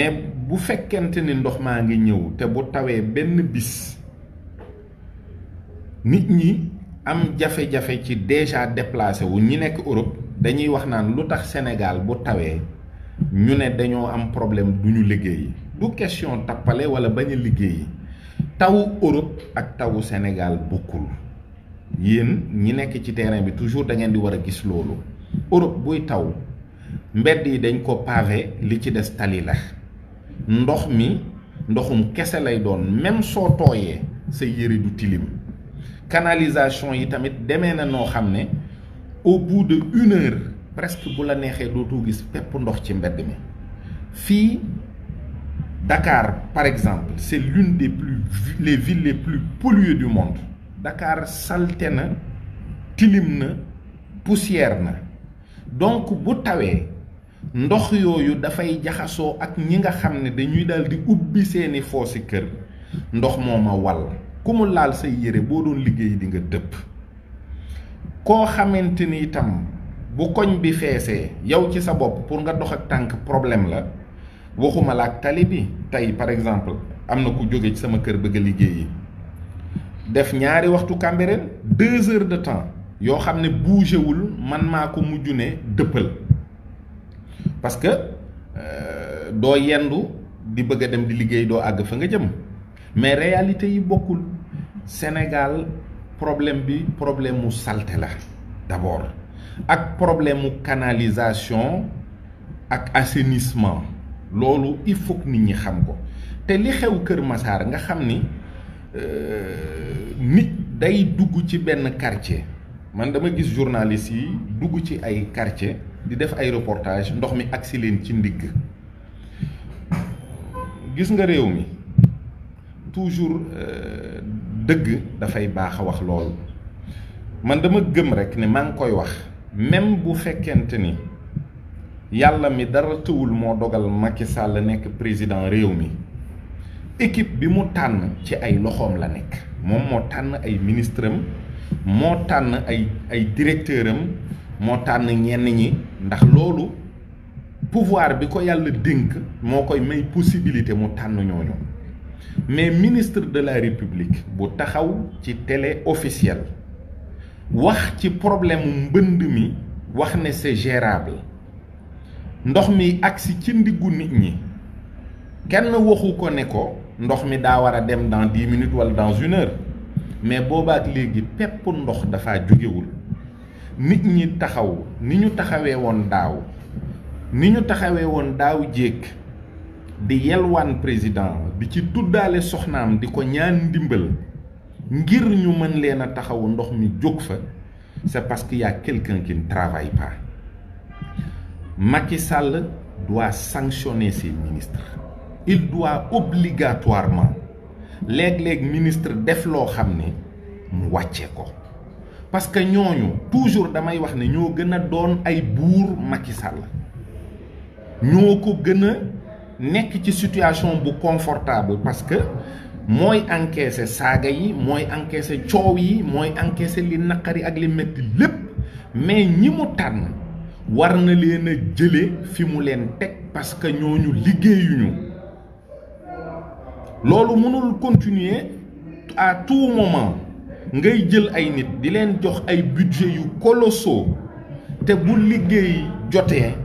mais bu fekkente ni ndox maa ngi ñëw te bu tawee benn bis nit ñi am jafe-jafe ci déjà déplacé wu ñi nekk Europe dañuy wax naan lu tax Sénégal bu tawee ñu ne dañoo am problème duñu ñu liggéey du question tappale wala bañ a liggéey tawu Europe ak tawu senegal bokkul yéen ñi nekk ci terrain bi toujours da ngeen di war a gis loolu Europe buy taw mbedd yi dañ ko pavé li ci des talila ndox mi ndoxum kese lay doon même soo tooyee sa yëre du tilim canalisation yi tamit demee na noo xam ne au bou de une presque bu la neexee dootoo gis pepp ndox ci mbedd mi fii dakaar par exemple c'est l'une des plus les villes les plus polluées du monde Dakar salte na tilim na poussière na donc bu tawee ndox yooyu dafay jaxasoo ak ñi nga xam ne dañuy daal di ubbi seeni foosi kër ndox moo ma wal ku mu laal say yére boo doon liggéey di nga dëpp koo xamante ni itam bu koñ bi feesee yow ci sa bopp pour nga dox ak tànk problème la waxuma la ak tali bi tey par exemple am na ku jóge ci sama kër bëgg liggéey liggéeyi def ñaari waxtu Cambérène deux heures de temps yoo xam ne bougéwul man maa ko mujj ne dëppal parce que euh, doo yendu di bëgg a dem di liggéey doo àgg fa nga jëm mais réalité yi bokkul Sénégal problème bi problème mu salte la d'abord ak problème mu canalisation ak assainissement loolu il faut nit ñi xam ko te li xew Kër Massar nga xam ni euh, nit day dugg ci benn quartier man dama gis journaliste yi dugg ci ay quartier di def ay reportage ndox mi agsi leen ci ndigg gis nga réew mi toujours euh, dëgg dafay baax a wax lool man dama gëm rek ne maa ngi koy wax même bu fekkente ni yàlla mi dara tëwul moo dogal Macky Sall nekk président réew mi équipe bi mu tànn ci ay loxoom la nekk moom moo tànn ay ministre am moo tànn ay ay directeur am moo tànn ñenn ñi ndax loolu pouvoir bi ko yàlla dénk moo koy may possibilité mu tànn ñooñu mais ministre de la république bu taxaw ci télé officielle wax ci problème mbënd mi wax ne c'est gérable ndox mi agsi ci ndiggu nit ñi kenn waxu ko ne ko ndox mi daa war a dem dans dix minutes wala dans une mais boobaat léegi pepp ndox dafa jógewul nit ñi taxawu ni ñu taxawee woon daaw ni ñu taxawee woon daaw jéeg di yelwaan président bi ci tuddaale soxnaam di ko ñaan ndimbal ngir ñu mën leen a taxawu ndox mi jóg fa c'est parce qu'il y a quelqu'un qui ne travaille pas Macky Sall doit sanctionner ses ministres il doit obligatoirement léeg-léeg ministre def loo xam ne mu wàcce ko parce que ñooñu toujours damay wax ne ñoo gën a doon ay buur Macky Sall ñoo ko gën a nekk ci situation bu confortable parce que mooy encaisser saaga yi mooy encaisser coow yi mooy encaisser li naqari ak li metti lépp mais ñi mu tànn war na leen a jële fi mu leen teg parce que ñooñu liggéeyuñu loolu mënul continuer à tout moment ngay jël ay nit di leen jox ay budget yu koloso te bu liggéey jotee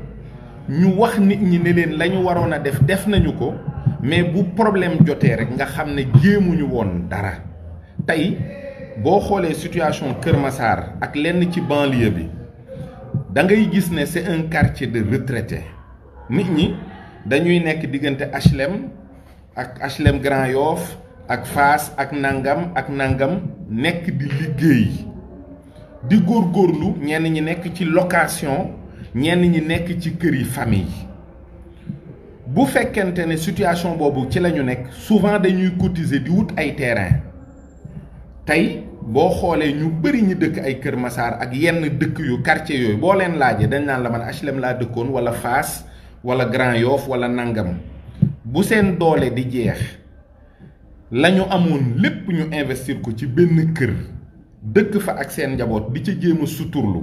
ñu wax nit ñi ne leen lañu waroon a def def nañu ko mais bu problème jotee rek nga xam ne jéemuñu woon dara tey boo xoolee situation Kër Massar ak lenn ci banlieue bi da ngay gis ne c'est un quartier de retraité nit ñi dañuy nekk diggante HLM ak HLM Grand yoof ak faas ak nangam ak nangam nekk di liggéey di góorgóorlu ñenn ñi nekk ci location ñenn ñi nekk ci kër yi famille bu fekkente ne situation boobu ci la ñu nekk souvent dañuy cotiser di wut ay terrain tey boo xoolee ñu bëri ñi dëkk ay Kër Masaar ak yenn dëkk yu quartier yooyu boo leen laajee dañ la man HLM laa dëkkoon wala Fass wala Grand Yoff wala Nangam bu seen doole di jeex. la ñu amoon lépp ñu investir ko ci benn kër dëkk fa ak seen njaboot di ca jéem a suturlu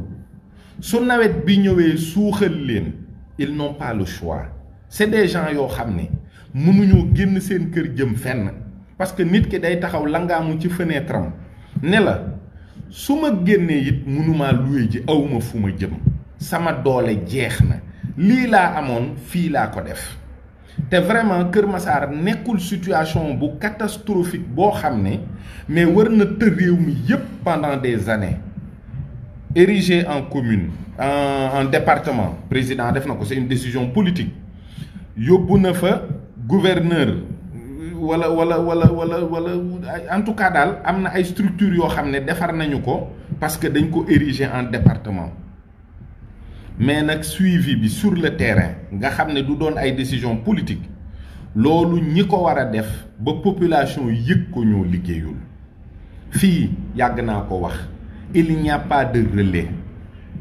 su nawet bi ñëwee suuxal leen ils n'ont pas le choix c'est des gens yoo xam ni mënuñoo génn seen kër jëm fenn parce que nit ki day taxaw langaamu ci fenêtre ne la su ma génnee it mënumaa luwe ji awma fu ma jëm sama doole jeex na lii laa amoon fii laa ko def te vraiment Kër Massar nekkul situation bu catastrophique boo xam ne mais war na tër réew mi yépp pendant des années érigé en commune en département président def na ko c'est une décision politique yóbbu na fa gouverneur wala wala wala wala wala en tout cas daal am na ay structures yoo xam ne defar nañu ko parce que dañ ko érigé en département mais nag suivi bi sur le terrain nga xam ne du doon ay décision politique loolu ñi ko war a def ba population yëg ko ñoo liggéeyul fii yàgg naa ko wax il n'y a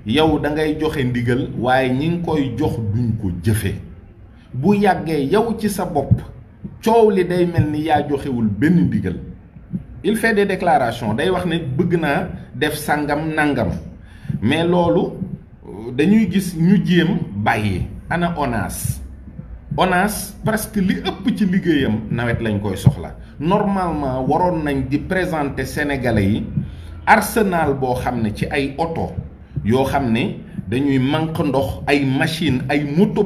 yow da ngay joxe ndigal waaye ñi ngi koy jox duñ ko jëfe bu yàggee yow ci sa bopp coow li day mel ni yaa joxewul benn ndigal il fait des déclarations day wax ne bëgg naa def sàngam nangam mais loolu dañuy gis ñu jéem bàyyi ana ONAS ONAS presque li ëpp ci liggéeyam nawet lañ koy soxla normalement waroon nañ di présenter sénégalais yi arsenal boo xam ne ci ay oto yoo xam ne dañuy manque ndox ay machine ay moto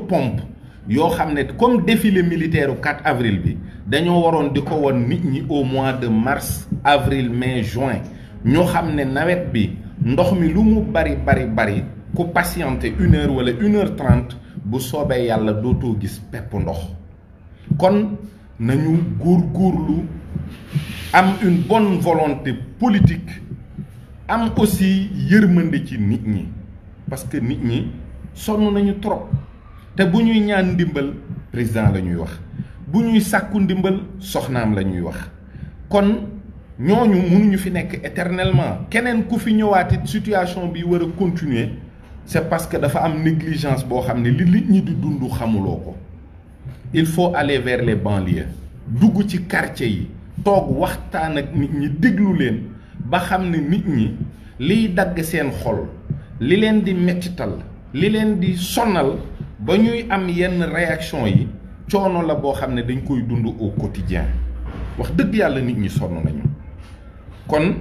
yoo xam ne comme défilé militaire u 4 avril bi dañoo waroon di ko won nit ñi au mois de mars avril mais juin ñoo xam ne nawet bi ndox mi lu mu bari bari bari ku patienter une wala une heure trente bu soobee yàlla dootoo gis pepp ndox kon nañu góor góorgóorlu am une bonne volonté politique am aussi yërmande ci nit ñi parce que nit ñi sonn nañu trop te bu ñuy ñaan ndimbal président la ñuy wax bu ñuy sàkku ndimbal soxnaam la ñuy wax kon ñooñu mënuñu fi nekk éternellement keneen ku fi ñëwaatit situation bi war a continuer c'est parce que dafa am négligence boo xam ne li nit ñi di dund xamuloo ko il faut aller vers les dugg ci quartier yi toog waxtaan ak nit ñi déglu leen ba xam ne nit ñi liy dagg seen xol li leen di mettital li leen di sonal ba ñuy am yenn réaction yi coono la boo xam ne dañ koy dund au quotidien wax dëgg yàlla nit ñi sonn nañu kon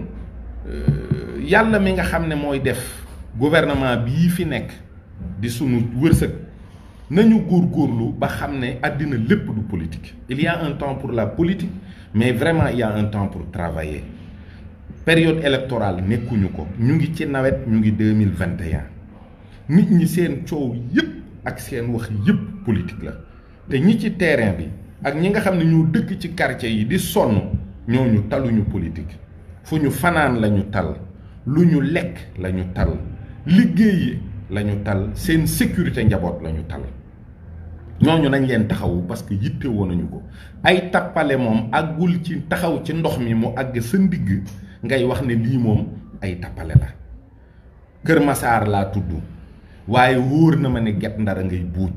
euh, yàlla mi nga xam ne mooy def gouvernement bii fi nekk di sunu wërsëg nañu góorgóorlu ba xam ne àddina lépp du politique il y a temps pour la politique mais vraiment il y a un temps pour travailler période électorale nekkuñu ko ñu ngi ci nawet ñu ngi deux mille vingt et nit ñi seen coow yëpp ak seen wax yëpp politique la te ñi ci terrain bi ak ñi nga xam ne ñu dëkk ci quartier yi di sonn ñooñu taluñu politique fu ñu fanaan lañu tal lu ñu lekk lañu tal liggéey la ñu tal seen sécurité njaboot lañu tal ñooñu nañ leen taxawu parce que yitte woo nañu ko ay tappale moom àggul ci taxaw ci ndox mi mu àgg sa ndigg ngay wax ne lii moom ay tappale la Kër Masaar laa tudd waaye wóor na ma ne Guet Ndar a ngay buuj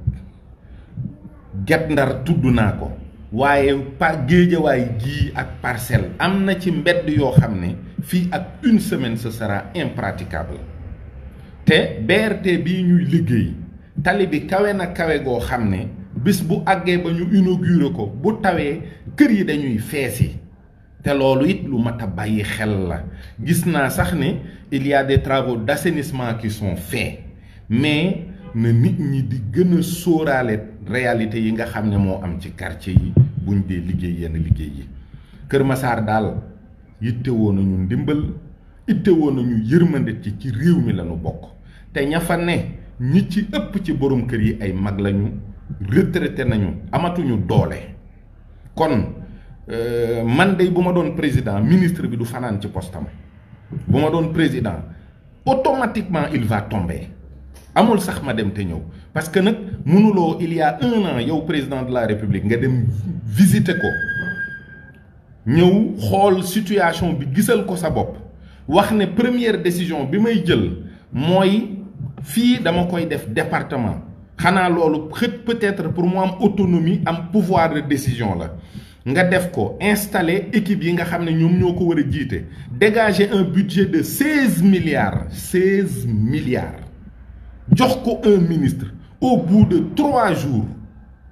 Guet Ndar tudd naa ko waaye par géejawaay gii ak parcelle am na ci mbedd yoo xam ne fii ak une semaine ce sera impraticable te BRT bii ñuy liggéey tali bi kawe na kawe goo xam ne bés bu àggee ba ñu inauguré ko bu tawee kër yi dañuy feesi te loolu it lu mat a bàyyi xel la gis naa sax ne il y a des travaux d'assainissement qui sont faits mais na nit ñi di gën a sóoraale réalité yi nga xam ne moo am ci quartier yi buñ dee liggéey yenn liggéey yi Kër masaar daal yitte woon ñu ndimbal ittewoon nañu yërmande ci ci réew mi lañu bokk te ña fa ne ñi ci ëpp ci borom kër yi ay mag lañu retraité nañu amatuñu doole kon euh, man de bu ma doon président ministre bi du fanaan ci postam bu ma doon président automatiquement il va tomber amul sax ma dem te ñëw parce que nag mënuloo il y an yow président de la république nga dem visiter ko ñëw xool situation bi gisal ko sa bopp wax ne première décision bi may jël mooy fii dama koy def département xanaa loolu xët peut-être pour mu am autonomie am pouvoir de décision la nga def ko installer équipe yi nga xam ne ñoom ñoo ko war a jiite dégager un budget de seize milliards seize milliards jox ko un ministre au bout de trois jours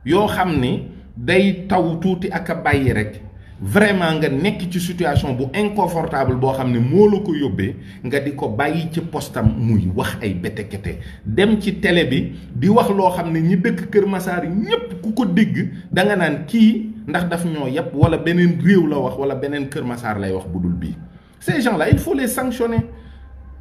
yoo xam ne day taw tuuti ak bàyyi rek vraiment nga nekk ci situation bu inconfortable boo xam ne moo la ko yóbbee nga di ko bàyyi ci postam muy wax ay bétekete dem ci télé bi di wax loo xam ne ñi dëkk Kër Masaar ñépp ku ko dégg da nga naan kii ndax daf ñoo yàpp wala beneen réew la wax wala beneen Kër Masaar lay wax bu dul bii ces gens la il faut les sanctionner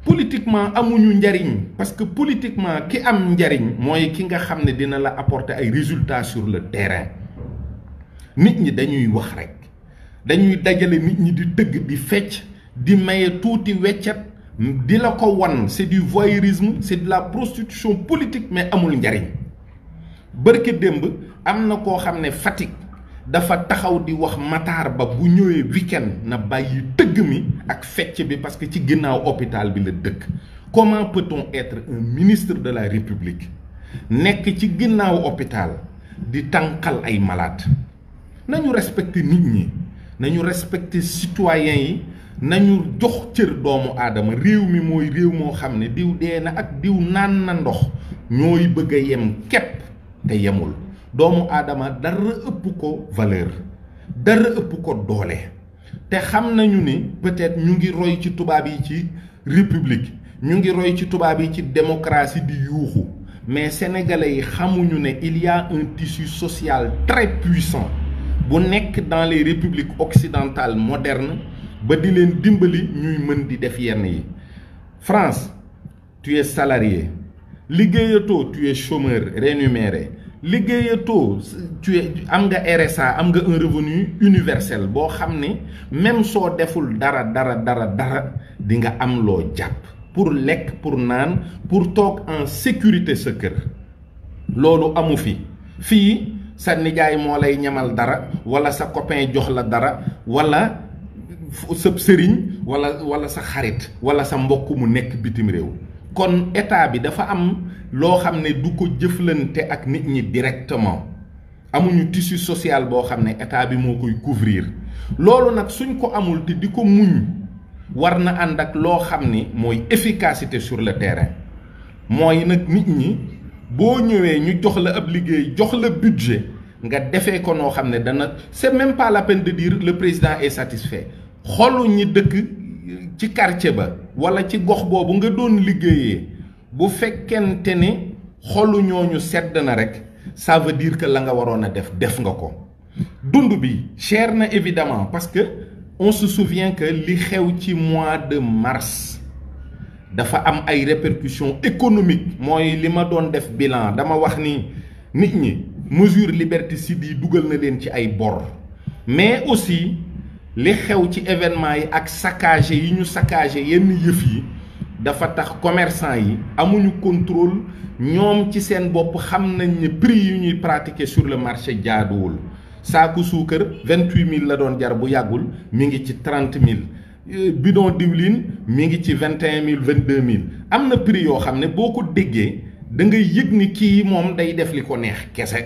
politiquement amuñu njariñ parce que politiquement ki am njariñ mooy ki nga xam ne dina la apporter ay résultats sur le terrain nit ñi dañuy wax rek dañuy dajale nit ñi di tëgg bi fecc di maye tuuti weccet di la ko wan c'est du voyeurisme c'est de la prostitution politique mais amul njariñ bërki démb am na koo xam ne Fatick dafa taxaw di wax Matar Ba bu ñëwee week na bàyyi tëgg mi ak fecc bi parce que ci ginnaaw hôpital bi la dëkk comment peut-on être un ministre de la République nekk ci ginnaaw hôpital di tànqal ay malaat nañu respecter nit ñi nañu respecter citoyen yi nañu jox cër doomu aadama réew mi mooy réew moo xam ne diw dee na ak diw naan na ndox ñooy bëgg a yem képp te yemul doomu aadama dara ëpp ko valeur dara ëpp ko doole te xam nañu ni peut-être ñu ngi roy ci tubaab yi ci république ñu ngi roy ci tubaab yi ci démocratie di yuuxu mais sénégalais yi xamuñu ne il y sociale un tissu puissant bu nekk dans les républiques occidentales modernes ba di leen dimbali ñuy mën di def yenn yi France tu es salarié liggéeyatoo tu es chômeur liggéeyatoo tu am nga RSA am nga un revenu universel boo xam ne même soo deful dara dara dara dara di nga am loo jàpp pour lekk pour naan pour toog en sécurité sa kër loolu amu fi fii sa nijaay moo lay ñamal dara wala sa copain jox la dara wala sa sëriñ wala wala sa xarit wala sa mbokk mu nekk bitim réew kon état bi dafa am loo xam ne du ko jëflante ak nit ñi directement amuñu tissu sociale boo xam ne état bi moo koy couvrir loolu nag suñ ko amul te di ko muñ war na ànd ak loo xam ni mooy efficacité sur le terrain mooy nag nit ñi boo ñëwee ñu jox la ab liggéey jox la budget nga defee ko noo xam ne dana c'est même pas la peine de dire le président est satisfait xolu ñi dëkk ci quartier ba walla ci gox boobu nga doon liggéeyee bu fekkente ne xolu ñu sedd na rekk ça veut que la nga waroon a def def nga ko dund bi cher na évidemment parce que on se li xew ci mois de mars dafa am ay répercussions économique mooy li ma doon def bilan dama wax ni nit ñi mesure liberticide yi dugal na leen ci ay bor mais aussi li xew ci événement yi ak saccagé yi ñu saccagé yenn yëf yi dafa tax commerçant yi amuñu contrôle ñoom ci seen bopp xam nañ ne prix yu ñuy pratiquer sur le marché jaaduwul saaku suukar vingt-huit mille la doon jar bu yàggul mi ngi ci trente mille Euh, bidon diwlin mi ngi ci vingt et mille vingt deux mille am na prix yoo xam ne boo ko déggee da ngay yëg ni kii moom day def li ko neex kese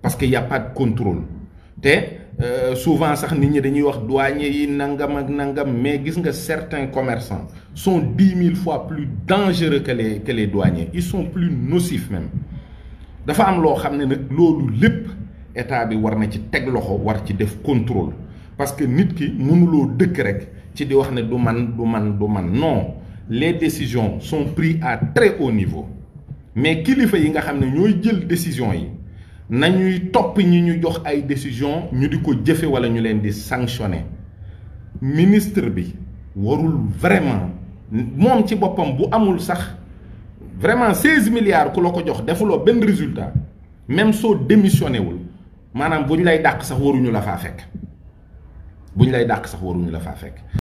parce que y a pas te Euh, souvent sax nit ñi dañuy wax douanier yi nangam ak nangam mais gis nga certains commerçants sont dix mille fois plus dangereux que les que les son ils sont plus nocifs même dafa am loo xam ne nag loolu lépp état bi war na ci teg loxo war ci def contrôle parce que nit ki mënuloo dëkk rek ci di wax ne du man du man du man non les décisions son prises à très haut niveau mais kilifa yi nga xam ne ñooy jël décision yi nañuy topp ñi ñu jox ay décision ñu di ko jëfe walla ñu leen di sanctionner ministre bi warul vraiment moom ci boppam bu amul sax vraiment 16 milliards ku la ko jox defuloo benn résultat même soo démissionné wul maanaam bu ñu lay dàq sax waruñu la faa fekk bu ñu lay dàq sax waruñu la faa fekk